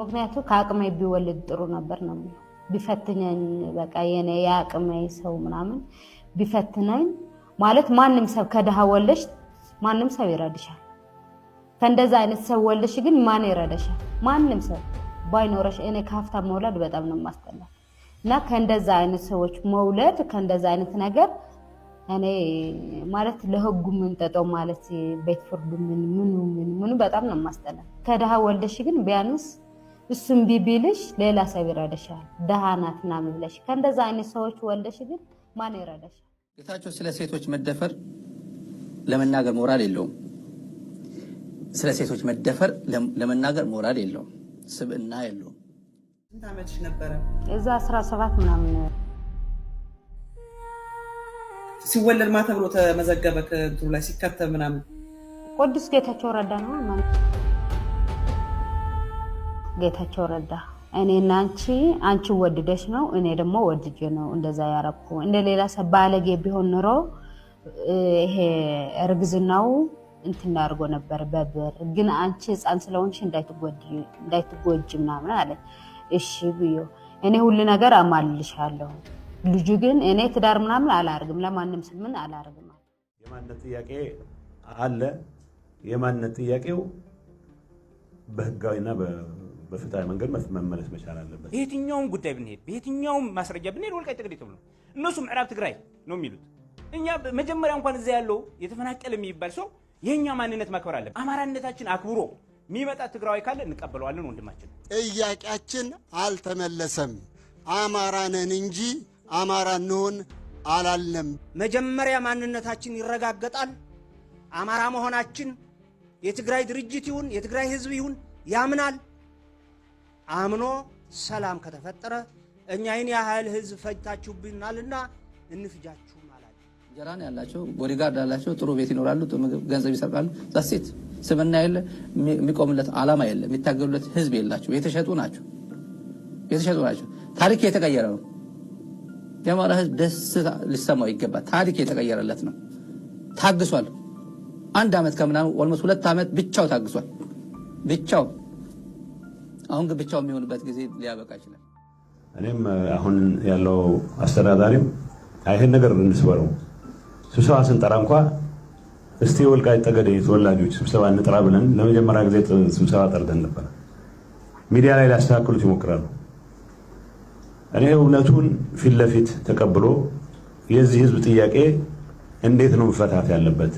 ምክንያቱ ከአቅሜ ቢወልድ ጥሩ ነበር ነው ቢፈትነኝ በቃ የኔ የአቅሜ ሰው ምናምን ቢፈትነኝ ማለት ማንም ሰው ከድሃ ወለሽ ማንም ሰው ይረድሻል። ከእንደዛ አይነት ሰው ወለሽ ግን ማን ይረዳሻል? ማንም ሰው ባይኖረሽ። እኔ ከሀብታም መውለድ በጣም ነው የማስጠላ እና ከእንደዛ አይነት ሰዎች መውለድ ከእንደዛ አይነት ነገር እኔ ማለት ለህጉ ምንጠጠው ማለት ቤት ፍርዱ ምን ምኑ ምን ምኑ በጣም ነው የማስጠላ። ከድሃ ወልደሽ ግን ቢያንስ እሱም ቢቢልሽ ሌላ ሰው ይረዳሻል። ድሃ ናት ምናምን ብለሽ ከእንደዛ አይነት ሰዎች ወልደሽ ግን ማን ይረዳሻል? ጌታቸው ስለ ሴቶች መደፈር ለመናገር ሞራል የለውም። ስለ ሴቶች መደፈር ለመናገር ሞራል የለውም፣ ስብዕና የለውም። ስንት ዓመትሽ ነበረ? እዛ 17 ምናምን ሲወለድ ማ ተብሎ ተመዘገበ? ከእንትኑ ላይ ሲከተብ ምናምን ቅዱስ ጌታቸው ረዳ ነው ማለት ጌታቸው ረዳ እኔና አንቺ አንቺ ወድደሽ ነው፣ እኔ ደግሞ ወድጄ ነው እንደዛ ያረኩ። እንደ ሌላ ሰው ባለጌ ቢሆን ኑሮ ይሄ እርግዝናው እንትናርጎ አድርጎ ነበር በብር ግን አንቺ ህፃን ስለሆንሽ እንዳይትጎጅ ምናምን አለ። እሺ ብዮ እኔ ሁሉ ነገር አማልልሻለሁ። ልጁ ግን እኔ ትዳር ምናምን አላርግም፣ ለማንም ስምን አላርግም። የማንነት ጥያቄ አለ። የማንነት ጥያቄው በህጋዊና በፍትሃዊ መንገድ መመለስ መቻል አለበት። የትኛውም ጉዳይ ብንሄድ፣ በየትኛውም ማስረጃ ብንሄድ ወልቃይት ጠገዴ ተብሎ እነሱ ምዕራብ ትግራይ ነው የሚሉት። እኛ መጀመሪያ እንኳን እዛ ያለው የተፈናቀለ የሚባል ሰው የእኛ ማንነት ማክበር አለብን። አማራነታችን አክብሮ የሚመጣ ትግራዊ ካለ እንቀበለዋለን። ወንድማችን ጥያቄያችን አልተመለሰም። አማራ ነን እንጂ አማራ እንሆን አላልንም። መጀመሪያ ማንነታችን ይረጋገጣል። አማራ መሆናችን የትግራይ ድርጅት ይሁን የትግራይ ሕዝብ ይሁን ያምናል። አምኖ ሰላም ከተፈጠረ እኛ ይህን ያህል ህዝብ ፈጅታችሁብናልና እንፍጃችሁ ማለት እንጀራን ያላቸው ቦዲጋርድ ያላቸው ጥሩ ቤት ይኖራሉ፣ ገንዘብ ይሰርቃሉ። ዛሴት ስምና የለ የሚቆምለት አላማ የለ የሚታገሉለት ህዝብ የላቸው። የተሸጡ ናቸው፣ የተሸጡ ናቸው። ታሪክ የተቀየረ ነው። የአማራ ህዝብ ደስ ሊሰማው ይገባል። ታሪክ የተቀየረለት ነው። ታግሷል። አንድ ዓመት ከምናምን ኦልሞስት ሁለት ዓመት ብቻው ታግሷል ብቻው አሁን ግን ብቻው የሚሆንበት ጊዜ ሊያበቃ ይችላል። እኔም አሁን ያለው አስተዳዳሪም ይህን ነገር እንስበረው። ስብሰባ ስንጠራ እንኳ እስቲ ወልቃይት ጠገዴ ተወላጆች ስብሰባ እንጥራ ብለን ለመጀመሪያ ጊዜ ስብሰባ ጠርተን ነበር። ሚዲያ ላይ ሊያስተካክሉት ይሞክራሉ። እኔ እውነቱን ፊት ለፊት ተቀብሎ የዚህ ህዝብ ጥያቄ እንዴት ነው መፈታት ያለበት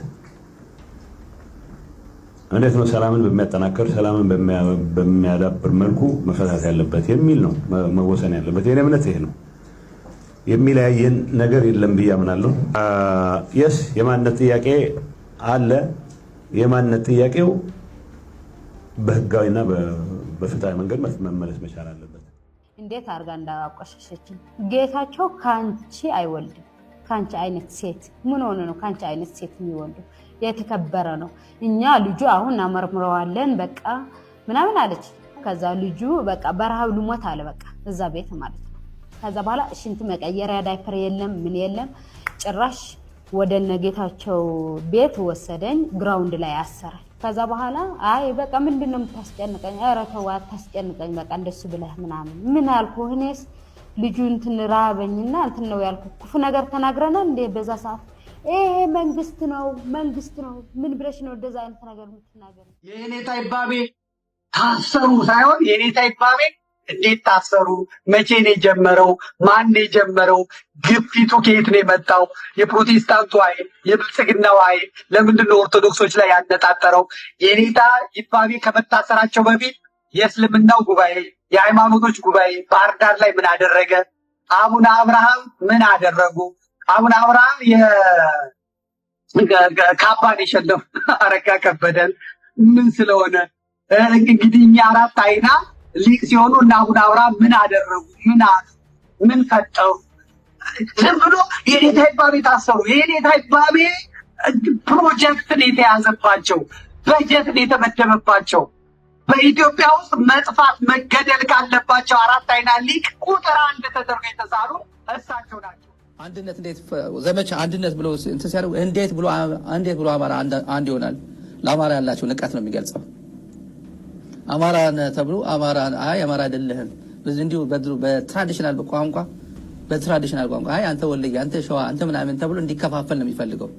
እንዴት ነው ሰላምን በሚያጠናክር ሰላምን በሚያዳብር መልኩ መፈታት ያለበት የሚል ነው መወሰን ያለበት። የኔ እምነት ይሄ ነው። የሚለያየን ነገር የለም ብዬ አምናለሁ። የስ የማንነት ጥያቄ አለ። የማንነት ጥያቄው በህጋዊና በፍትሃዊ መንገድ መመለስ መቻል አለበት። እንዴት አድርጋ እንዳቆሸሸችን። ጌታቸው ከአንቺ አይወልድም። ከአንቺ አይነት ሴት ምን ሆነ ነው ከአንቺ አይነት ሴት የሚወልድ የተከበረ ነው። እኛ ልጁ አሁን እናመርምረዋለን በቃ ምናምን አለች። ከዛ ልጁ በቃ በረሃብ ልሞት አለ በቃ እዛ ቤት ማለት ነው። ከዛ በኋላ ሽንት መቀየሪያ ዳይፐር የለም ምን የለም ጭራሽ ወደ ነጌታቸው ቤት ወሰደኝ። ግራውንድ ላይ አሰራል። ከዛ በኋላ አይ በቃ ምንድን ነው የምታስጨንቀኝ? ኧረ ተው አታስጨንቀኝ፣ በቃ እንደሱ ብለህ ምናምን ምን አልኩህ? እኔስ ልጁ እንትን ራበኝና እንትን ነው ክፉ ነገር ተናግረናል እንዴ በዛ ሰዓት ይሄ መንግስት ነው መንግስት ነው። ምን ብለሽ ነው እንደዛ አይነት ነገር የምትናገር? የኔታ ይባቤ ታሰሩ ሳይሆን የኔታ ይባቤ እንዴት ታሰሩ? መቼ ነው የጀመረው? ማን ነው የጀመረው? ግፊቱ ከየት ነው የመጣው? የፕሮቴስታንቱ ኃይል፣ የብልጽግናው ኃይል ለምንድን ነው ኦርቶዶክሶች ላይ ያነጣጠረው? የኔታ ይባቤ ከመታሰራቸው በፊት የእስልምናው ጉባኤ፣ የሃይማኖቶች ጉባኤ ባህር ዳር ላይ ምን አደረገ? አቡነ አብርሃም ምን አደረጉ? አቡነ አብርሃም ካባን የሸለሙ አረጋ ከበደን ምን ስለሆነ እንግዲህ እኛ አራት አይና ሊቅ ሲሆኑ እና አቡነ አብርሃም ምን አደረጉ? ምን ምን ፈጠሩ? ዝም ብሎ የኔታ ይባቤ ታሰሩ። የኔታ ይባቤ ፕሮጀክትን የተያዘባቸው በጀትን የተመደበባቸው በኢትዮጵያ ውስጥ መጥፋት መገደል ካለባቸው አራት አይና ሊቅ ቁጥር አንድ ተደርጎ የተሳሉ እሳቸው ናቸው። አንድነት እንዴት ዘመቻ አንድነት ብሎ እንትን ሲያደርጉ እንዴት ብሎ እንዴት ብሎ አማራ አንድ ይሆናል? ለአማራ ያላቸው ንቀት ነው የሚገልጸው። አማራ ተብሎ አማራ አይ አማራ አይደለህም፣ እንዲሁ በትራዲሽናል ቋንቋ በትራዲሽናል ቋንቋ አይ አንተ ወለየ፣ አንተ ሸዋ፣ አንተ ምናምን ተብሎ እንዲከፋፈል ነው የሚፈልገው።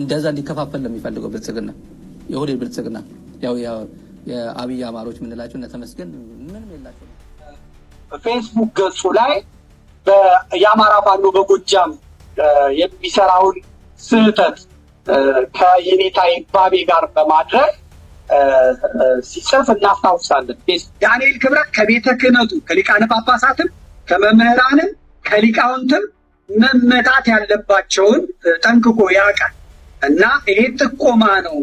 እንደዛ እንዲከፋፈል ነው የሚፈልገው ብልጽግና፣ የሆዴ ብልጽግና። ያው የአብይ አማሮች የምንላቸው እነ ተመስገን ምንም የላቸው። ፌስቡክ ገጹ ላይ የአማራ ፋኖ በጎጃም የሚሰራውን ስህተት ከየኔታ ይባቤ ጋር በማድረግ ሲጽፍ እናስታውሳለን። ዳንኤል ክብረት ከቤተ ክህነቱ ከሊቃነ ጳጳሳትም ከመምህራንም ከሊቃውንትም መመታት ያለባቸውን ጠንቅቆ ያውቃል እና ይሄ ጥቆማ ነው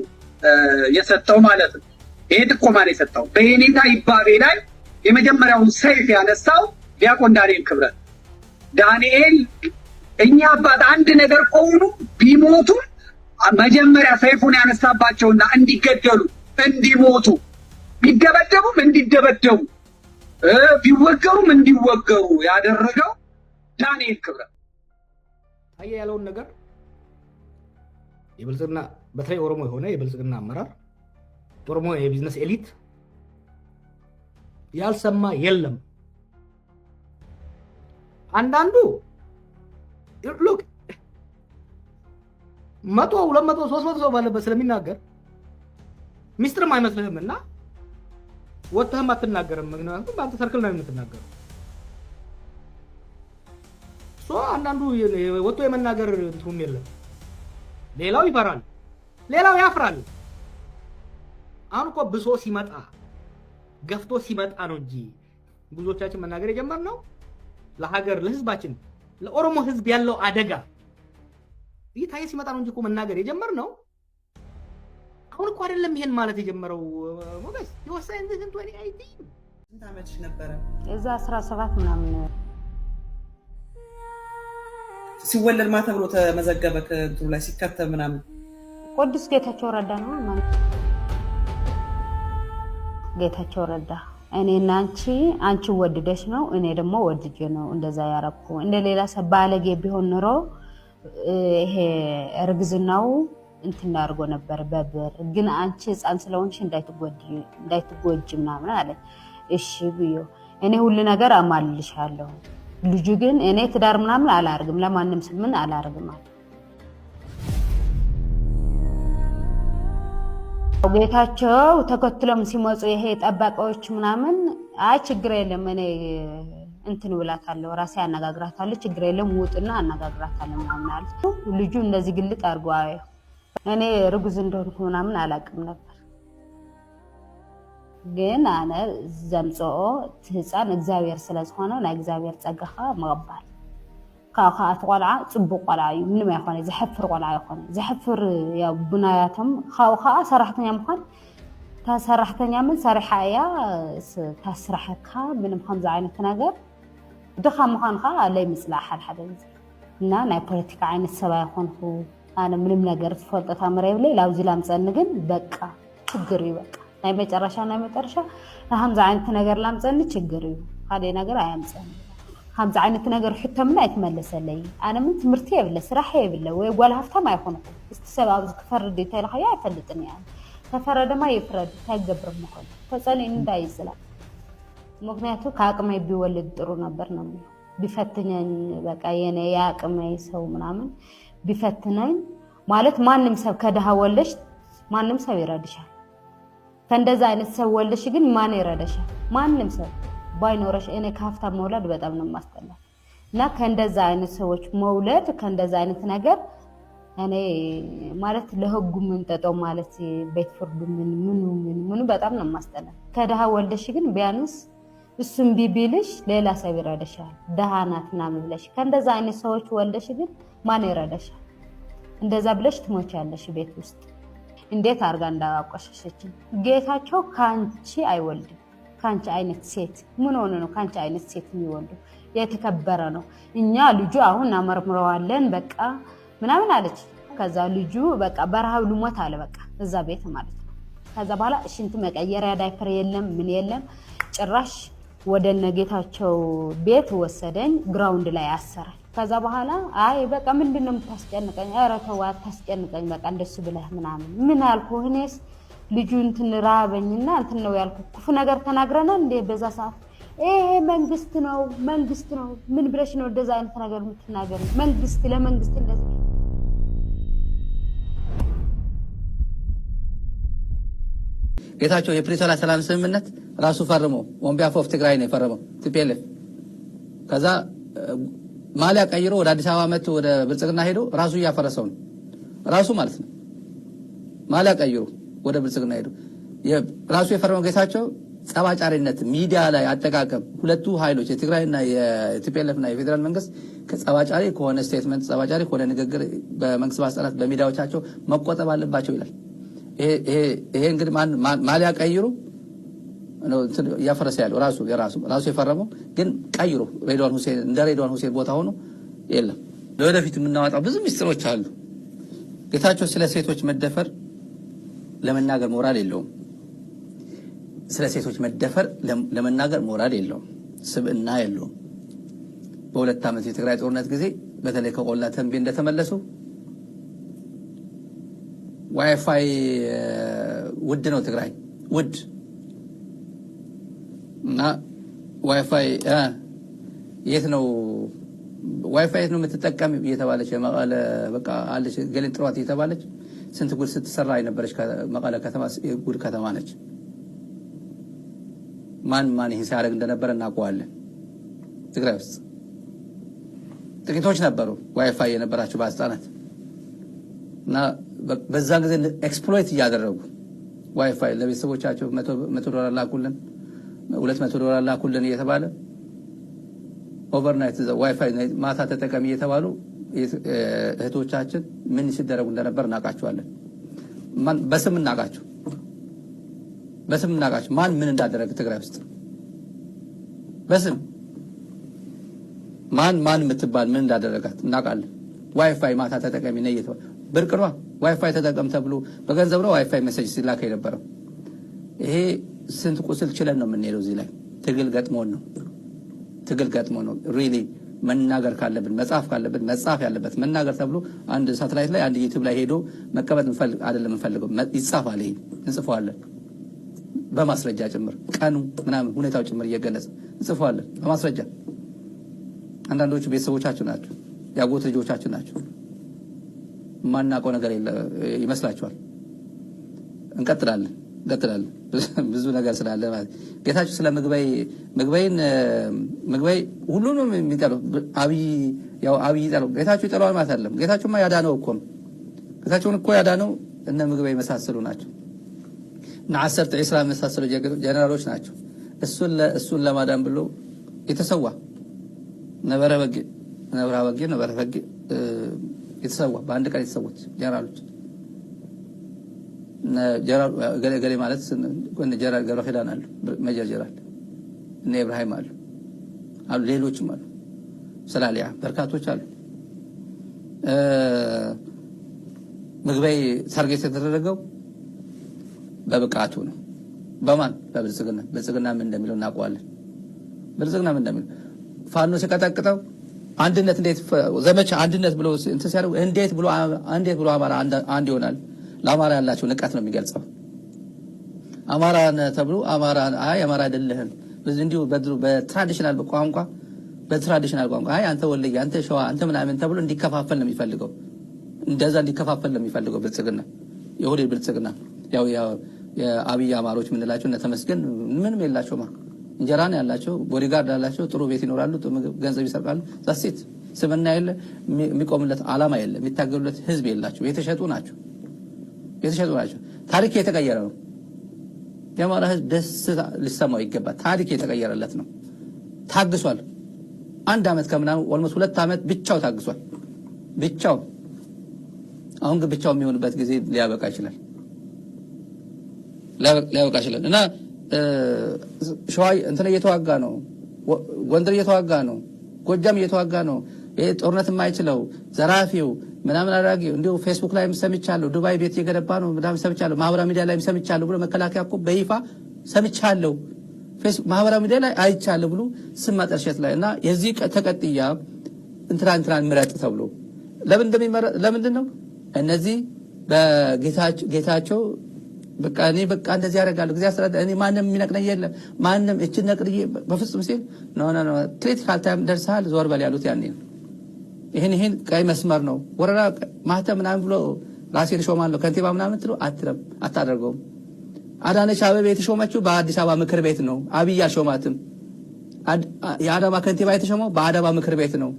የሰጠው ማለት ነው። ይሄ ጥቆማ ነው የሰጠው በየኔታ ይባቤ ላይ የመጀመሪያውን ሰይፍ ያነሳው ዲያቆን ዳንኤል ክብረት ዳንኤል እኛ አባት አንድ ነገር ከሆኑ ቢሞቱም መጀመሪያ ሰይፉን ያነሳባቸውና እንዲገደሉ እንዲሞቱ ቢደበደቡም እንዲደበደቡ ቢወገሩም እንዲወገሩ ያደረገው ዳንኤል ክብረ አየ ያለውን ነገር የብልጽግና በተለይ ኦሮሞ የሆነ የብልጽግና አመራር ኦሮሞ የቢዝነስ ኤሊት ያልሰማ የለም። አንዳንዱ ሉክ መቶ ሁለት መቶ ሶስት መቶ ሰው ባለበት ስለሚናገር ሚስጥርም አይመስልህም እና ወጥተህም አትናገርም። ምክንያቱም በአንተ ሰርክል ነው የምትናገረው። አንዳንዱ ወጥቶ የመናገር እንትኑም የለም። ሌላው ይፈራል፣ ሌላው ያፍራል። አሁን እኮ ብሶ ሲመጣ ገፍቶ ሲመጣ ነው እንጂ ብዙዎቻችን መናገር የጀመርነው ለሀገር ለህዝባችን ለኦሮሞ ህዝብ ያለው አደጋ እየታየ ሲመጣ ነው እንጂ እኮ መናገር የጀመርነው አሁን እኮ አይደለም። ይሄን ማለት የጀመረው ሞገስ የወሳኝ ዝህን ቶኒ ስንት ዓመትሽ ነበረ? እዛ አስራ ሰባት ምናምን ሲወለድ ማ ተብሎ ተመዘገበ ከእንትኑ ላይ ሲከተብ ምናምን ቅዱስ ጌታቸው ረዳ ነው ጌታቸው ረዳ እኔ አንቺ አንቺ ወድደሽ ነው፣ እኔ ደግሞ ወድጄ ነው እንደዛ ያረኩ። እንደ ሌላ ሰው ባለጌ ቢሆን ኑሮ ይሄ እርግዝናው እንትን አድርጎ ነበር በብር ግን አንቺ ህፃን ስለሆንሽ እንዳይትጎጅ ምናምን አለ። እሺ ብዮ እኔ ሁሉ ነገር አማልልሻለሁ። ልጁ ግን እኔ ትዳር ምናምን አላርግም፣ ለማንም ስምን አላርግም አለ። ጌታቸው ተከትሎም ሲመፁ ይሄ ጠባቂዎች ምናምን አይ ችግር የለም እኔ እንትን ብላታለሁ ራሴ አነጋግራታለሁ፣ ችግር የለም ውጥና አነጋግራታለሁ ምናምን አሉት። ልጁ እንደዚህ ግልጥ አድርጎ እኔ ርጉዝ እንደሆንኩ ምናምን አላውቅም ነበር። ግን አነ ዘምፅኦ ህፃን እግዚአብሔር ስለዝኾነ ናይ እግዚአብሔር ፀጋኻ መቐባል ካብ ከዓ እቲ ቆልዓ ፅቡቅ ቆልዓ እዩ ምንም ኣይኮነ ዝሕፍር ቆልዓ ይኮነ ዝሕፍር ቡናያቶም ካብኡ ከዓ ሰራሕተኛ ምኳን እታ ሰራሕተኛ ምን ሰሪሓ እያ ታስራሐካ ምንም ከምዚ ዓይነት ነገር ድኻ ምኳን ከዓ ኣለይ ምፅላእ ሓደሓደ ግዜ እና ናይ ፖለቲካ ዓይነት ሰባ ይኮንኩ ኣነ ምንም ነገር ዝፈልጦ ታምረ የብለይ ላብዚ ላምፀኒ ግን በቃ ችግር እዩ በቃ ናይ መጨረሻ ናይ መጨረሻ ከምዚ ዓይነት ነገር ላምፀኒ ችግር እዩ ካደ ነገር ኣያምፀኒ ከምዚ ዓይነት ነገር ሕቶምና ኣይትመለሰለይ ኣነ ምን ትምህርቲ የብለ ስራሕ የብለ ወይ ጓል ሃፍታም ኣይኮንኩ እቲ ሰብ ኣብዚ ክፈርድ እንተይልካዮ ኣይፈልጥን እያ ተፈረ ድማ ይፍረድ እንታይ ክገብር ምኮን ተፀሊኡኒ እንታይ ይፅላእ ምክንያቱ ከኣቅመይ ቢወልድ ጥሩ ነበር ነው ቢፈትነን በቃ የነ የኣቅመይ ሰው ምናምን ቢፈትነን ማለት ማንም ሰብ ከድሃ ወለሽ ማንም ሰብ ይረድሻል ከእንደዚ ዓይነት ሰብ ወለሽ ግን ማን ይረደሻል ማንም ሰብ ባይኖረሽ እኔ ከሀብታም መውለድ በጣም ነው የማስጠላ እና ከእንደዛ አይነት ሰዎች መውለድ ከእንደዛ አይነት ነገር እኔ ማለት ለህጉ የምንጠጠው ማለት ቤት ፍርዱ ምን ምኑ ምን ምኑ በጣም ነው የማስጠላ። ከድሃ ወልደሽ ግን ቢያንስ እሱም ቢቢልሽ ሌላ ሰው ይረደሻል ድሃ ናት ምናምን ብለሽ ከእንደዛ አይነት ሰዎች ወልደሽ ግን ማን ይረዳሻል? እንደዛ ብለሽ ትሞቻለሽ ቤት ውስጥ። እንዴት አድርጋ እንዳቆሸሸችን ጌታቸው ከአንቺ አይወልድም። ከአንቺ አይነት ሴት ምን ሆነ ነው ከአንቺ አይነት ሴት የሚወልዱ? የተከበረ ነው። እኛ ልጁ አሁን አመርምረዋለን በቃ ምናምን አለች። ከዛ ልጁ በቃ በረሃብ ልሞት አለ በቃ እዛ ቤት ማለት ነው። ከዛ በኋላ ሽንት መቀየሪያ ዳይፐር የለም ምን የለም ጭራሽ ወደ ነጌታቸው ቤት ወሰደኝ። ግራውንድ ላይ አሰራል። ከዛ በኋላ አይ በቃ ምንድን ነው የምታስጨንቀኝ? ኧረ ተው አታስጨንቀኝ፣ በቃ እንደሱ ብለህ ምናምን ምን አልኩህ እኔስ ልጁ እንትን ራበኝና እንትን ነው ያልኩ። ክፉ ነገር ተናግረናል እንዴ በዛ ሰዓት? ይሄ መንግስት ነው መንግስት ነው። ምን ብለሽ ነው እንደዛ አይነት ነገር የምትናገር? መንግስት ለመንግስት እንደዚህ ጌታቸው የፕሪቶሪያ ሰላም ስምምነት ራሱ ፈርሞ ወንቢያፎ ኦፍ ትግራይ ነው የፈረመው ቲፒኤልኤፍ። ከዛ ማሊያ ቀይሮ ወደ አዲስ አበባ መጥቶ ወደ ብልጽግና ሄዶ ራሱ እያፈረሰው ነው ራሱ ማለት ነው ማሊያ ቀይሮ ወደ ብልጽግና ሄዱ። ራሱ የፈረመው ጌታቸው ጸባጫሪነት ሚዲያ ላይ አጠቃቀም ሁለቱ ኃይሎች የትግራይና የቲፒኤልኤፍና የፌዴራል መንግስት ከጸባጫሪ ከሆነ ስቴትመንት ጸባጫሪ ከሆነ ንግግር በመንግስት ባለስልጣናት በሚዲያዎቻቸው መቆጠብ አለባቸው ይላል። ይሄ እንግዲህ ማሊያ ቀይሩ እያፈረሰ ያለው ራሱ የራሱ ራሱ የፈረመው ግን ቀይሩ ሬድዋን ሁሴን እንደ ሬድዋን ሁሴን ቦታ ሆኖ የለም። ለወደፊት የምናወጣው ብዙ ሚስጥሮች አሉ። ጌታቸው ስለ ሴቶች መደፈር ለመናገር ሞራል የለውም። ስለ ሴቶች መደፈር ለመናገር ሞራል የለውም፣ ስብዕና የለውም። በሁለት ዓመት የትግራይ ጦርነት ጊዜ በተለይ ከቆላ ተንቤ እንደተመለሱ ዋይፋይ ውድ ነው ትግራይ ውድ እና ዋይፋይ የት ነው ዋይፋይ የት ነው የምትጠቀም እየተባለች የመቀለ በቃ አለች ገሌን ጥሯት እየተባለች ስንት ጉድ ስትሰራ የነበረች መቀለ ከተማ ጉድ ከተማ ነች። ማን ማን ይህን ሲያደርግ እንደነበረ እናውቀዋለን። ትግራይ ውስጥ ጥቂቶች ነበሩ ዋይፋይ የነበራቸው ባለስልጣናት እና በዛን ጊዜ ኤክስፕሎይት እያደረጉ ዋይፋይ ለቤተሰቦቻቸው መቶ ዶላር ላኩልን፣ ሁለት መቶ ዶላር ላኩልን እየተባለ ኦቨርናይት ዋይፋይ ማታ ተጠቀሚ እየተባሉ እህቶቻችን ምን ሲደረጉ እንደነበር እናውቃቸዋለን። በስም እናውቃቸው፣ በስም እናውቃቸው። ማን ምን እንዳደረገ ትግራይ ውስጥ በስም ማን ማን የምትባል ምን እንዳደረጋት እናውቃለን። ዋይፋይ ማታ ተጠቀሚ ነ እየተባለ ብርቅሯ ዋይፋይ ተጠቀም ተብሎ በገንዘብ ነው ዋይፋይ መሰጅ ሲላክ የነበረው። ይሄ ስንት ቁስል ችለን ነው የምንሄደው። እዚህ ላይ ትግል ገጥሞን ነው፣ ትግል ገጥሞ ነው ሪሊ መናገር ካለብን መጽሐፍ ካለብን መጽሐፍ ያለበት መናገር ተብሎ አንድ ሳተላይት ላይ አንድ ዩቲዩብ ላይ ሄዶ መቀመጥ አይደለም እንፈልገው ይጻፋል፣ ይሄ እንጽፈዋለን፣ በማስረጃ ጭምር ቀኑ ምናምን ሁኔታው ጭምር እየገለጽ እንጽፈዋለን በማስረጃ። አንዳንዶቹ ቤተሰቦቻችሁ ናቸው፣ የአጎት ልጆቻችሁ ናቸው። ማናውቀው ነገር ይመስላችኋል። እንቀጥላለን። ቀጥላሉ። ብዙ ነገር ስላለ ማለት ጌታቸው ስለ ምግበይ ምግበይን ምግበይ ሁሉንም የሚጠላው አብይ ያው አብይ ይጠላው ጌታቸው ይጠላዋል ማለት አይደለም። ጌታቸውማ ያዳነው እኮ ነው። ጌታቸውን እኮ ያዳነው እነ ምግባይ መሳሰሉ ናቸው እና አሰርተ ዒስራ መሳሰሉ ጀነራሎች ናቸው። እሱን እሱን ለማዳን ብሎ የተሰዋ ነበረ በጌ ነበረ በጌ ነበረ በጌ የተሰዋ በአንድ ቀን የተሰዎች ጀነራሎች ገሌ ማለት ጀራል ገብረ ኪዳን አሉ፣ መጀር ጀራል እነ ኢብራሂም አሉ አሉ፣ ሌሎችም አሉ፣ ሰላሊያ በርካቶች አሉ። ምግበይ ታርጌት የተደረገው በብቃቱ ነው። በማን በብልጽግና። ብልጽግና ምን እንደሚለው እናውቀዋለን። ብልጽግና ምን እንደሚለው ፋኖ ሲቀጠቅጠው አንድነት እንዴት ዘመቻ አንድነት ብሎ እንትን ሲያደርጉ እንዴት ብሎ አማራ አንድ ይሆናል? ለአማራ ያላቸው ንቀት ነው የሚገልጸው። አማራ ተብሎ አማራ አይ አማራ አይደለህም እንዲሁ በትራዲሽናል ቋንቋ በትራዲሽናል ቋንቋ አይ አንተ ወለ አንተ ሸዋ፣ አንተ ምናምን ተብሎ እንዲከፋፈል ነው የሚፈልገው። እንደዛ እንዲከፋፈል ነው የሚፈልገው ብልጽግና፣ የሁዴ ብልጽግና። ያው የአብይ አማሮች የምንላቸው እነተመስገን ምንም የላቸው ማ እንጀራን ያላቸው፣ ቦዲጋርድ ያላቸው፣ ጥሩ ቤት ይኖራሉ፣ ገንዘብ ይሰርቃሉ። ዛሴት ስምና የለ የሚቆምለት አላማ የለ የሚታገሉለት ህዝብ የላቸው፣ የተሸጡ ናቸው። የተሸጡ ናቸው። ታሪክ የተቀየረ ነው። የአማራ ህዝብ ደስ ሊሰማው ይገባል። ታሪክ የተቀየረለት ነው። ታግሷል። አንድ ዓመት ከምናምን ኦልሞስት ሁለት ዓመት ብቻው ታግሷል። ብቻው አሁን ግን ብቻው የሚሆንበት ጊዜ ሊያበቃ ይችላል ሊያበቃ ይችላል እና ሸዋ እንትን እየተዋጋ ነው። ጎንደር እየተዋጋ ነው። ጎጃም እየተዋጋ ነው። ይሄ ጦርነት የማይችለው ዘራፊው ምናምን አድራጊ እንዲሁ ፌስቡክ ላይ ሰምቻለሁ፣ ዱባይ ቤት እየገነባ ነው ምናምን ሰምቻለሁ፣ ማህበራዊ ሚዲያ ላይ ሰምቻለሁ ብሎ መከላከያ እኮ በይፋ ሰምቻለሁ፣ ማህበራዊ ሚዲያ ላይ አይቻለሁ ብሎ ስም ማጠርሸት ላይ እና የዚህ ተቀጥያ እንትና እንትናን ምረጥ ተብሎ ለምንድን ነው እነዚህ በጌታቸው በቃ እኔ በቃ እንደዚህ ያደርጋለሁ ጊዜ አስራ እኔ ማንም የሚነቅነኝ የለም ማንም እችን ነቅንዬ በፍጹም ሲል ኖ ፖለቲካል ታይም ደርሰሃል ዞር በል ያሉት ያኔ ነው። ይህን ይህን ቀይ መስመር ነው ወረዳ ማህተም ምናምን ብሎ ራሴን እሾማለሁ ከንቲባ ምናምን ትሎ አትለም አታደርገውም። አዳነች አበቤ የተሾመችው በአዲስ አበባ ምክር ቤት ነው። አብይ አልሾማትም። የአዳማ ከንቲባ የተሾመው በአዳማ ምክር ቤት ነው።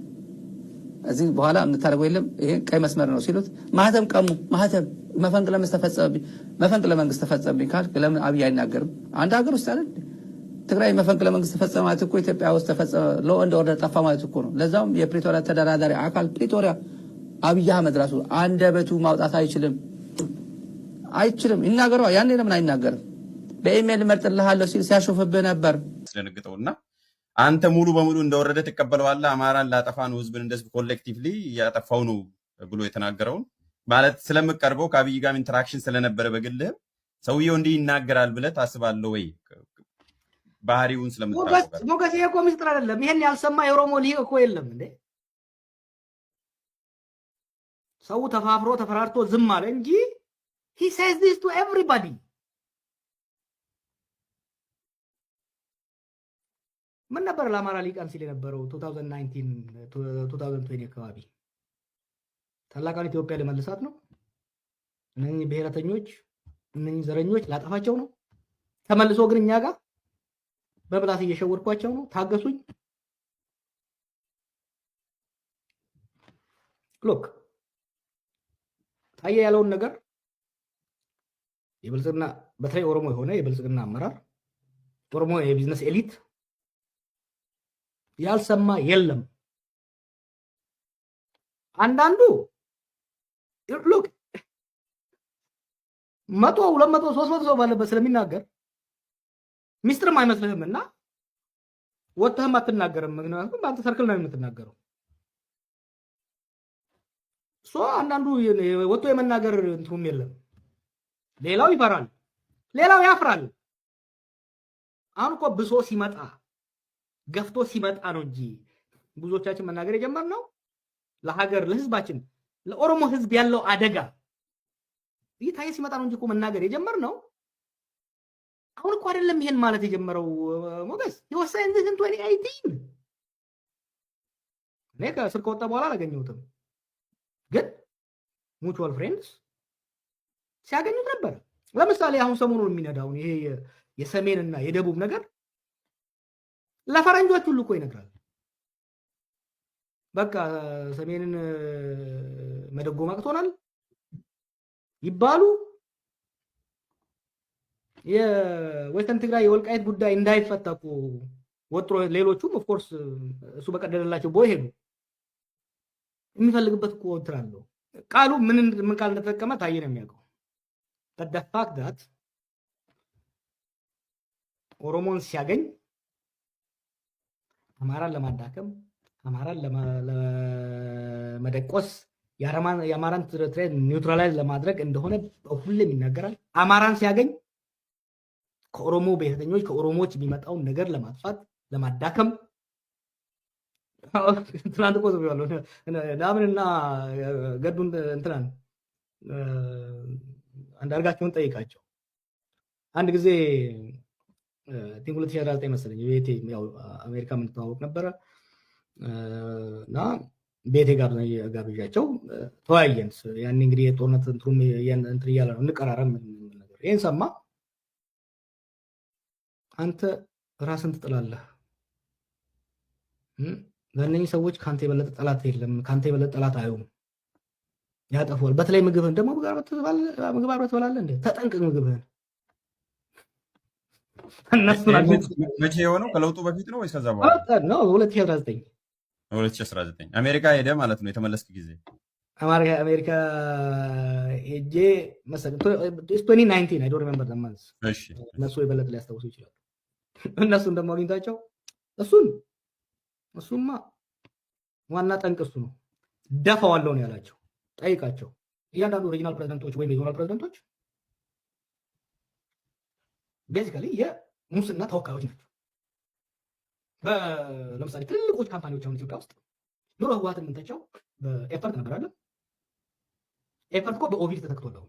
እዚህ በኋላ የምታደርገው የለም ይሄ ቀይ መስመር ነው ሲሉት ማህተም ቀሙ። ማህተም መፈንቅለ መንግስት ተፈጸመብኝ፣ መፈንቅለ መንግስት ተፈጸመብኝ ለምን አብይ አይናገርም? አንድ ሀገር ውስጥ አይደል ትግራይ መፈንቅለ መንግስት ተፈጸመ ማለት እኮ ኢትዮጵያ ውስጥ ተፈጸመ ሎ እንደ ኦርደር ጠፋ ማለት እኮ ነው። ለዛውም የፕሪቶሪያ ተደራዳሪ አካል ፕሪቶሪያ አብይ አህመድ ራሱ አንደበቱ ማውጣት አይችልም አይችልም። ይናገረዋ ያኔ ለምን አይናገርም? በኢሜል መርጥልሃለሁ ሲል ሲያሾፍብህ ነበር ስለንግጠውና አንተ ሙሉ በሙሉ እንደወረደ ትቀበለዋለህ። አማራን ላጠፋ ነው ህዝብን እንደዚህ ኮሌክቲቭሊ ያጠፋው ነው ብሎ የተናገረውን ማለት ስለምቀርበው ከአብይ ጋር ኢንተራክሽን ስለነበረ በግልህም ሰውየው እንዲህ ይናገራል ብለህ ታስባለህ ወይ? ባህሪውን ስለምታስበት ሞገስ፣ ይሄ እኮ ምስጢር አይደለም። ይሄን ያልሰማ የኦሮሞ ሊግ እኮ የለም እንዴ! ሰው ተፋፍሮ ተፈራርቶ ዝም አለ እንጂ ሂ ሴዝ ዲስ ቱ ኤቭሪባዲ ምን ነበር ለአማራ ሊቃን ሲል የነበረው 2019 2020 አካባቢ ታላቋን ኢትዮጵያ ለመልሳት ነው። እነኚህ ብሔረተኞች፣ እነኚህ ዘረኞች ላጠፋቸው ነው። ተመልሶ ግን እኛ ጋር በብላት እየሸወድኳቸው ነው። ታገሱኝ። ሎክ ታየ ያለውን ነገር የብልጽግና በተለይ ኦሮሞ የሆነ የብልጽግና አመራር ኦሮሞ የቢዝነስ ኤሊት ያልሰማ የለም። አንዳንዱ ሎክ መቶ ሁለት መቶ ሶስት መቶ ሰው ባለበት ስለሚናገር ሚስጥርም አይመስልህም እና ወጥተህም አትናገርም። ምክንያቱም በአንተ ሰርክል ነው የምትናገረው። ሶ አንዳንዱ ወጥቶ የመናገር እንትሁም የለም። ሌላው ይፈራል፣ ሌላው ያፍራል። አሁን እኮ ብሶ ሲመጣ ገፍቶ ሲመጣ ነው እንጂ ብዙዎቻችን መናገር የጀመርነው ለሀገር ለህዝባችን፣ ለኦሮሞ ህዝብ ያለው አደጋ ይህ ታየ ሲመጣ ነው እንጂ እኮ መናገር የጀመርነው አሁን እኮ አይደለም ይሄን ማለት የጀመረው ሞገስ የወሳኝ ዝህን ቶኒ አይቲን እኔ ከስር ከወጣ በኋላ አላገኘሁትም፣ ግን ሙቹዋል ፍሬንድስ ሲያገኙት ነበር። ለምሳሌ አሁን ሰሞኑን የሚነዳውን ይሄ እና የደቡብ ነገር ለፈረንጆች ሁሉ እኮ ይነግራል። በቃ ሰሜንን መደጎም አቅቶናል ይባሉ የወስተን ትግራይ የወልቃይት ጉዳይ እንዳይፈታ እኮ ወጥሮ ሌሎቹም ኦፍኮርስ እሱ በቀደደላቸው ቦይ ሄዱ። የሚፈልግበት እኮ እንትን አለው። ቃሉ ምን ምን ቃል እንደተጠቀመ ታየ ነው የሚያውቀው። ፋክት ዳት ኦሮሞን ሲያገኝ አማራን ለማዳከም አማራን ለመደቆስ የአማራን ትሬት ኒውትራላይዝ ለማድረግ እንደሆነ ሁሌም ይናገራል። አማራን ሲያገኝ ከኦሮሞ ብሔርተኞች ከኦሮሞዎች የሚመጣውን ነገር ለማጥፋት ለማዳከም ትናንት እኮ ጽፌዋለሁ። ናምንና ገዱን እንትናን አንዳርጋቸውን ጠይቃቸው አንድ ጊዜ ቲንክ 2019 መሰለኝ ቤቴ አሜሪካ የምንተዋወቅ ነበረ እና ቤቴ ጋብዣቸው ተወያየን። ያኔ እንግዲህ የጦርነት እንትን እያለ ነው እንቀራረብ ይህን ሰማ አንተ ራስን ትጥላለህ። በእነኚህ ሰዎች ከአንተ የበለጠ ጠላት የለም። ከአንተ የበለጠ ጠላት አየውም ያጠፋል። በተለይ ምግብህን ደግሞ ምግብ አብረህ ትበላለህ እንዴ? ተጠንቅቅ ምግብህን። መቼ የሆነው ከለውጡ በፊት ነው ወይስ ከዛ በኋላ አሜሪካ ሄደህ ማለት ነው የተመለስክ ጊዜ አሜሪካ ሄጄ መሰለኝ አይ ዶንት ሪሜምበር ዘ ማንዝ። እነሱ የበለጠ ሊያስታውሱ ይችላሉ። እነሱን ደግሞ አግኝታቸው እሱን እሱማ ዋና ጠንቅ እሱ ነው ደፋዋለሁ ነው ያላቸው። ጠይቃቸው እያንዳንዱ ሪጂናል ፕሬዚደንቶች ወይም የዞናል ፕሬዚደንቶች ቤዚካሊ የሙስና ተወካዮች ናቸው። ለምሳሌ ትልልቆች ካምፓኒዎች አሁን ኢትዮጵያ ውስጥ ኑሮ ህወሓትን የምንተቸው በኤፈርት ነበር አለ። ኤፈርት እኮ በኦቪድ ተተክቶለሁ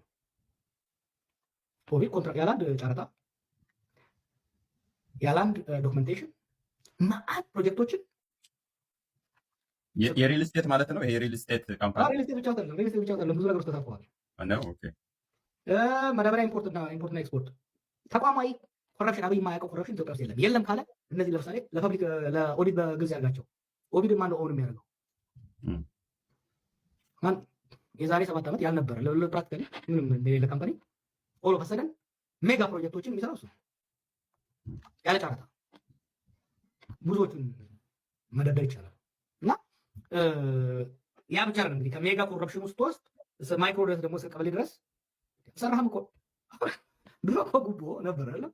ኦቪድ ኮንትራክት ያላንድ ጨረታ ያላንድ ዶክመንቴሽን መአት ፕሮጀክቶችን የሪል ስቴት ማለት ነው። ይሄ ሪል ስቴት ካምፓኒ ሪል ስቴት ብቻ አይደለም፣ ሪል ስቴት ብቻ አይደለም፣ ብዙ ነገሮች ተሳትፈዋል። መዳበሪያ ኢምፖርትና ኤክስፖርት፣ ተቋማዊ ኮረፕሽን፣ አብይ የማያውቀው ኮረፕሽን ኢትዮጵያ ውስጥ የለም። የለም ካለ እነዚህ ለምሳሌ ለፐብሊክ ለኦዲት በግልጽ ያላቸው ኦዲት ማን ኦን የሚያደርገው ማን? የዛሬ ሰባት ዓመት ያልነበረ ፕራክቲካሊ ምንም የሌለ ካምፓኒ ኦሎ መሰለን ሜጋ ፕሮጀክቶችን የሚሰራው እሱ ያለ ጨረታ ብዙዎቹን መደበር ይቻላል እና ያ ብቻ ነው እንግዲህ ከሜጋ ኮረፕሽን ውስጥ ወስጥ ማይክሮ ድረስ ደግሞ እስከ ቀበሌ ድረስ ሰራህም እኮ ድሮ እኮ ጉቦ ነበር አለ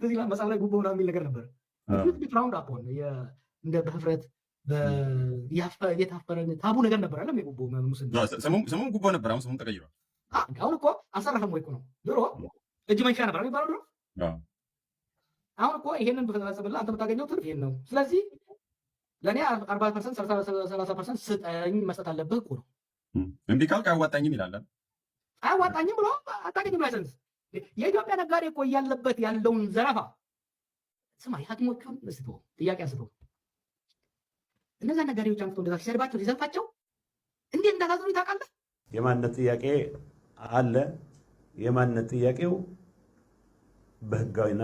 ከዚህ ላይ መጽሐፍ ላይ ጉቦ ምናምን የሚል ነገር ነበር። ዲፍራውን እንደ በህፍረት ታቡ ነገር ነበር አለ ሙስና ጉቦ ነበር። አሁን ተቀይሯል። አሁን እኮ አልሰራህም ወይ እኮ ነው። ድሮ እጅ መንሻ ነበር የሚባለው ድሮ አሁን እኮ ይሄንን ብፈጸምልህ አንተ የምታገኘው ትርፍ ይሄን ነው። ስለዚህ ለእኔ አርባ ፐርሰንት ሰላሳ ፐርሰንት ስጠኝ መስጠት አለብህ እኮ ነው። እምቢ ካልክ አያዋጣኝም ይላል። አያዋጣኝም ብሎ አታገኝም ላይሰንስ። የኢትዮጵያ ነጋዴ እኮ እያለበት ያለውን ዘረፋ ስማ፣ የሀኪሞቹን ስቶ ጥያቄ አንስቶ እነዛ ነጋዴዎች አንስቶ እንደዛ ሲሰድባቸው ሲዘልፋቸው እንዴት እንዳሳዝኑ ታውቃለህ? የማንነት ጥያቄ አለ። የማንነት ጥያቄው በህጋዊና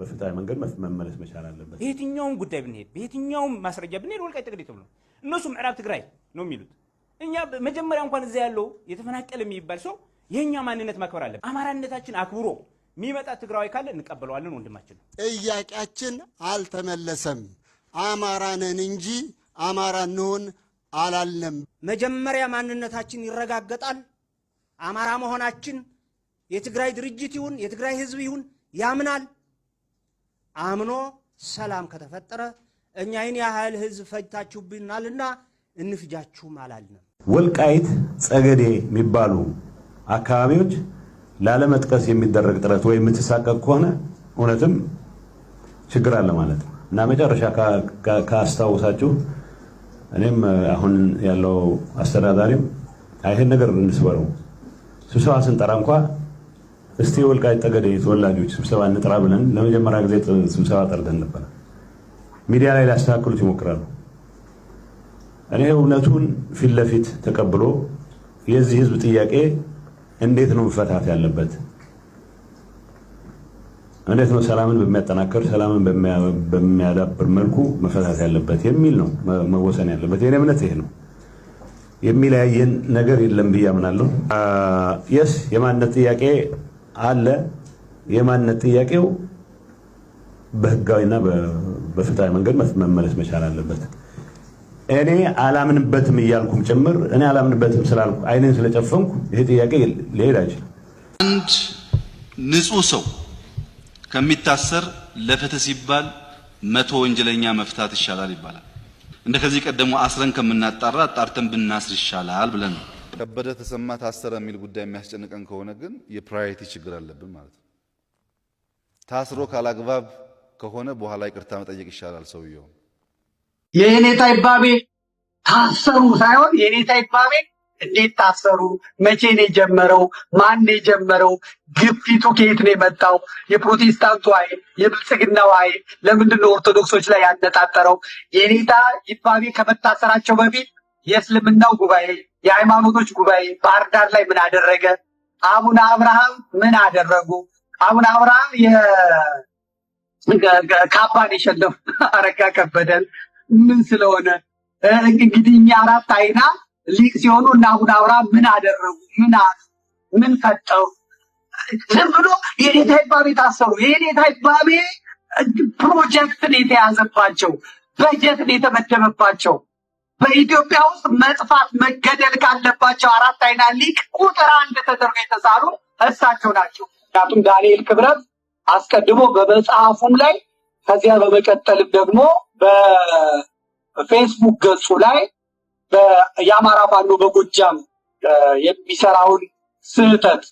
በፍትሃዊ መንገድ መመለስ መቻል አለበት። የትኛውም ጉዳይ ብንሄድ፣ በየትኛውም ማስረጃ ብንሄድ ወልቃይት ጠገዴ ተብሎ እነሱ ምዕራብ ትግራይ ነው የሚሉት። እኛ መጀመሪያ እንኳን እዛ ያለው የተፈናቀለ የሚባል ሰው የእኛ ማንነት ማክበር አለብን። አማራነታችን አክብሮ የሚመጣ ትግራዊ ካለ እንቀበለዋለን። ወንድማችን ጥያቄያችን አልተመለሰም። አማራ ነን እንጂ አማራ እንሆን አላልንም። መጀመሪያ ማንነታችን ይረጋገጣል። አማራ መሆናችን የትግራይ ድርጅት ይሁን የትግራይ ሕዝብ ይሁን ያምናል። አምኖ ሰላም ከተፈጠረ እኛ ይህን ያህል ህዝብ ፈጅታችሁብናልና እንፍጃችሁም አላልንም። ወልቃይት ጸገዴ የሚባሉ አካባቢዎች ላለመጥቀስ የሚደረግ ጥረት ወይ የምትሳቀቅ ከሆነ እውነትም ችግር አለ ማለት ነው እና መጨረሻ ካስታውሳችሁ እኔም አሁን ያለው አስተዳዳሪም አይህን ነገር እንስበረው ስብሰባ ስንጠራ እንኳ እስቲ የወልቃይት ጠገዴ ተወላጆች ስብሰባ እንጥራ ብለን ለመጀመሪያ ጊዜ ስብሰባ ጠርተን ነበረ። ሚዲያ ላይ ሊያስተካክሉት ይሞክራሉ። እኔ እውነቱን ፊት ለፊት ተቀብሎ የዚህ ህዝብ ጥያቄ እንዴት ነው መፈታት ያለበት፣ እንዴት ነው ሰላምን በሚያጠናክር ሰላምን በሚያዳብር መልኩ መፈታት ያለበት የሚል ነው መወሰን ያለበት። የኔ እምነት ይሄ ነው። የሚለያየን ነገር የለም ብዬ አምናለሁ። የስ የማንነት ጥያቄ አለ። የማንነት ጥያቄው በህጋዊና በፍትሃዊ መንገድ መመለስ መቻል አለበት። እኔ አላምንበትም እያልኩም ጭምር እኔ አላምንበትም ስላልኩ አይኔን ስለጨፈንኩ ይሄ ጥያቄ ሊሄድ አይችልም። አንድ ንጹህ ሰው ከሚታሰር ለፍትህ ሲባል መቶ ወንጀለኛ መፍታት ይሻላል ይባላል። እንደ ከዚህ ቀደሙ አስረን ከምናጣራ አጣርተን ብናስር ይሻላል ብለን ነው ከበደ ተሰማ ታሰረ የሚል ጉዳይ የሚያስጨንቀን ከሆነ ግን የፕራዮሪቲ ችግር አለብን ማለት ነው። ታስሮ ካላግባብ ከሆነ በኋላ ይቅርታ መጠየቅ ይሻላል። ሰውየው የኔታ ይባቤ ታሰሩ ሳይሆን የኔታ ይባቤ እንዴት ታሰሩ? መቼ ነው የጀመረው? ማን ነው የጀመረው? ግፊቱ ከየት ነው የመጣው? የፕሮቴስታንቱ ኃይል፣ የብልጽግናው ኃይል ለምንድን ነው ኦርቶዶክሶች ላይ ያነጣጠረው? የኔታ ይባቤ ከመታሰራቸው በፊት የእስልምናው ጉባኤ የሃይማኖቶች ጉባኤ ባህር ዳር ላይ ምን አደረገ? አቡነ አብርሃም ምን አደረጉ? አቡነ አብርሃም ካባን የሸለሙ አረጋ ከበደን ምን ስለሆነ እንግዲህ እኛ አራት አይና ሊቅ ሲሆኑ እና አቡነ አብርሃም ምን አደረጉ? ምን አሉ? ምን ፈጠሩ? ዝም ብሎ የኔታ ይባቤ ታሰሩ። የኔታ ይባቤ ፕሮጀክትን የተያዘባቸው በጀትን የተመደበባቸው በኢትዮጵያ ውስጥ መጥፋት መገደል ካለባቸው አራት አይና ሊቅ ቁጥር አንድ ተደርገው የተሳሉ እሳቸው ናቸው። ምክንያቱም ዳንኤል ክብረት አስቀድሞ በመጽሐፉም ላይ ከዚያ በመቀጠልም ደግሞ በፌስቡክ ገጹ ላይ የአማራ ፋኖ በጎጃም የሚሰራውን ስህተት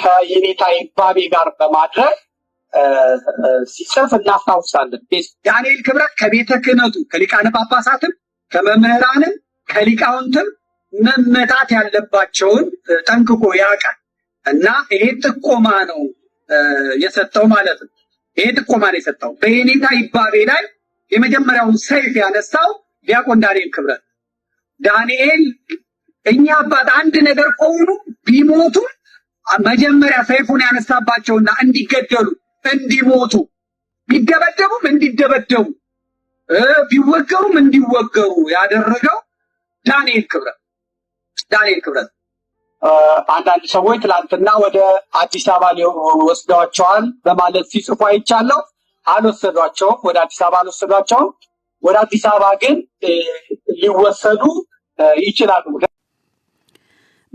ከየኔታ ይባቤ ጋር በማድረግ ሲጽፍ እናስታውሳለን። ዳንኤል ክብረት ከቤተ ክህነቱ ከሊቃነ ጳጳሳትም ከመምህራንም ከሊቃውንትም መመታት ያለባቸውን ጠንቅቆ ያውቃል እና ይሄ ጥቆማ ነው የሰጠው ማለት ነው። ይሄ ጥቆማ ነው የሰጠው። በየኔታ ይባቤ ላይ የመጀመሪያውን ሰይፍ ያነሳው ዲያቆን ዳንኤል ክብረት። ዳንኤል እኛ አባት አንድ ነገር ከሆኑ ቢሞቱም መጀመሪያ ሰይፉን ያነሳባቸውና እንዲገደሉ እንዲሞቱ ቢደበደቡም እንዲደበደቡ ቢወገሩም እንዲወገሩ ያደረገው ዳንኤል ክብረት ዳንኤል ክብረት አንዳንድ ሰዎች ትላንትና ወደ አዲስ አበባ ወስደዋቸዋል በማለት ሲጽፉ አይቻለሁ። አልወሰዷቸውም፣ ወደ አዲስ አበባ አልወሰዷቸውም። ወደ አዲስ አበባ ግን ሊወሰዱ ይችላሉ።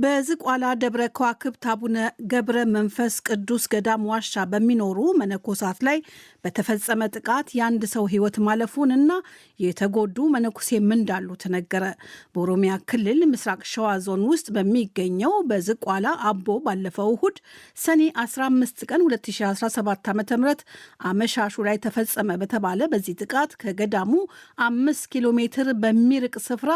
በዝቋላ ደብረ ከዋክብት አቡነ ገብረ መንፈስ ቅዱስ ገዳም ዋሻ በሚኖሩ መነኮሳት ላይ በተፈጸመ ጥቃት የአንድ ሰው ህይወት ማለፉን እና የተጎዱ መነኩሴም እንዳሉ ተነገረ። በኦሮሚያ ክልል ምስራቅ ሸዋ ዞን ውስጥ በሚገኘው በዝቋላ አቦ ባለፈው እሁድ ሰኔ 15 ቀን 2017 ዓ ም አመሻሹ ላይ ተፈጸመ በተባለ በዚህ ጥቃት ከገዳሙ አምስት ኪሎ ሜትር በሚርቅ ስፍራ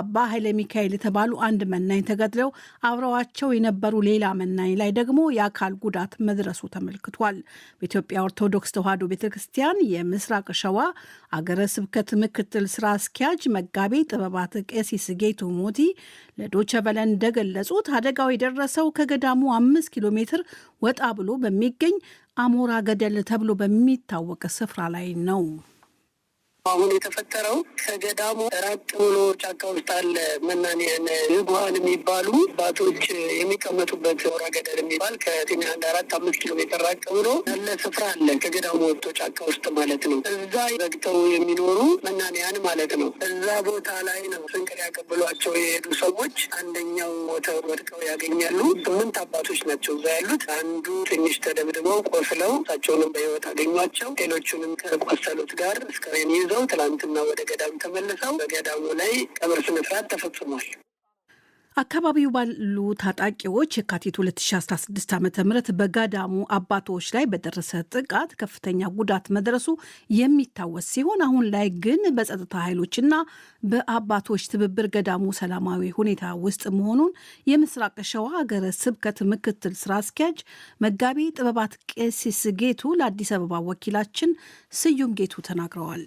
አባ ኃይለ ሚካኤል የተባሉ አንድ መናኝ ተገድለው አብረዋቸው የነበሩ ሌላ መናኝ ላይ ደግሞ የአካል ጉዳት መድረሱ ተመልክቷል። በኢትዮጵያ ኦርቶዶክስ ተዋሕዶ ተዋሕዶ ቤተ ክርስቲያን የምስራቅ ሸዋ አገረ ስብከት ምክትል ስራ አስኪያጅ መጋቤ ጥበባት ቀሲስ ጌቱ ሞቲ ለዶቸ እንደገለጹት አደጋው የደረሰው ከገዳሙ አምስት ኪሎ ሜትር ወጣ ብሎ በሚገኝ አሞራ ገደል ተብሎ በሚታወቅ ስፍራ ላይ ነው። አሁን የተፈጠረው ከገዳሙ ራቅ ብሎ ጫካ ውስጥ አለ መናንያን ህጉሀን የሚባሉ ባቶች የሚቀመጡበት ወራ ገደል የሚባል ከቴኒ አንድ አራት አምስት ኪሎ ሜትር ራቅ ብሎ ያለ ስፍራ አለ። ከገዳሙ ወጥቶ ጫካ ውስጥ ማለት ነው። እዛ በግተው የሚኖሩ መናንያን ማለት ነው። እዛ ቦታ ላይ ነው ስንቅል ያቀብሏቸው የሄዱ ሰዎች አንደኛው ሞተ ወድቀው ያገኛሉ። ስምንት አባቶች ናቸው እዛ ያሉት። አንዱ ትንሽ ተደብድበው ቆስለው እሳቸውንም በህይወት አገኟቸው። ሌሎቹንም ከቆሰሉት ጋር እስከሬን እስከ ተይዘው ትላንትና ወደ ገዳም ተመልሰው በገዳሙ ላይ ቀብር ስነስርዓት ተፈጽሟል። አካባቢው ባሉ ታጣቂዎች የካቲት 2016 ዓ ም በገዳሙ አባቶች ላይ በደረሰ ጥቃት ከፍተኛ ጉዳት መድረሱ የሚታወስ ሲሆን አሁን ላይ ግን በጸጥታ ኃይሎችና በአባቶች ትብብር ገዳሙ ሰላማዊ ሁኔታ ውስጥ መሆኑን የምስራቅ ሸዋ ሀገረ ስብከት ምክትል ስራ አስኪያጅ መጋቢ ጥበባት ቄሲስ ጌቱ ለአዲስ አበባ ወኪላችን ስዩም ጌቱ ተናግረዋል።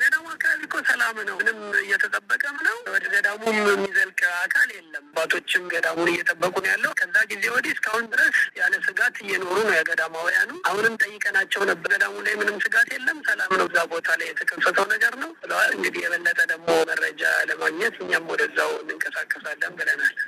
ገዳሙ አካባቢ እኮ ሰላም ነው። ምንም እየተጠበቀም ነው። ወደ ገዳሙም የሚዘልቅ አካል የለም። አባቶችም ገዳሙን እየጠበቁ ነው ያለው። ከዛ ጊዜ ወዲህ እስካሁን ድረስ ያለ ስጋት እየኖሩ ነው የገዳማውያኑ። አሁንም ጠይቀናቸው ነበር። ገዳሙ ላይ ምንም ስጋት የለም፣ ሰላም ነው፣ እዛ ቦታ ላይ የተከሰተው ነገር ነው ብለዋል። እንግዲህ የበለጠ ደግሞ መረጃ ለማግኘት እኛም ወደዛው እንንቀሳቀሳለን ብለናል።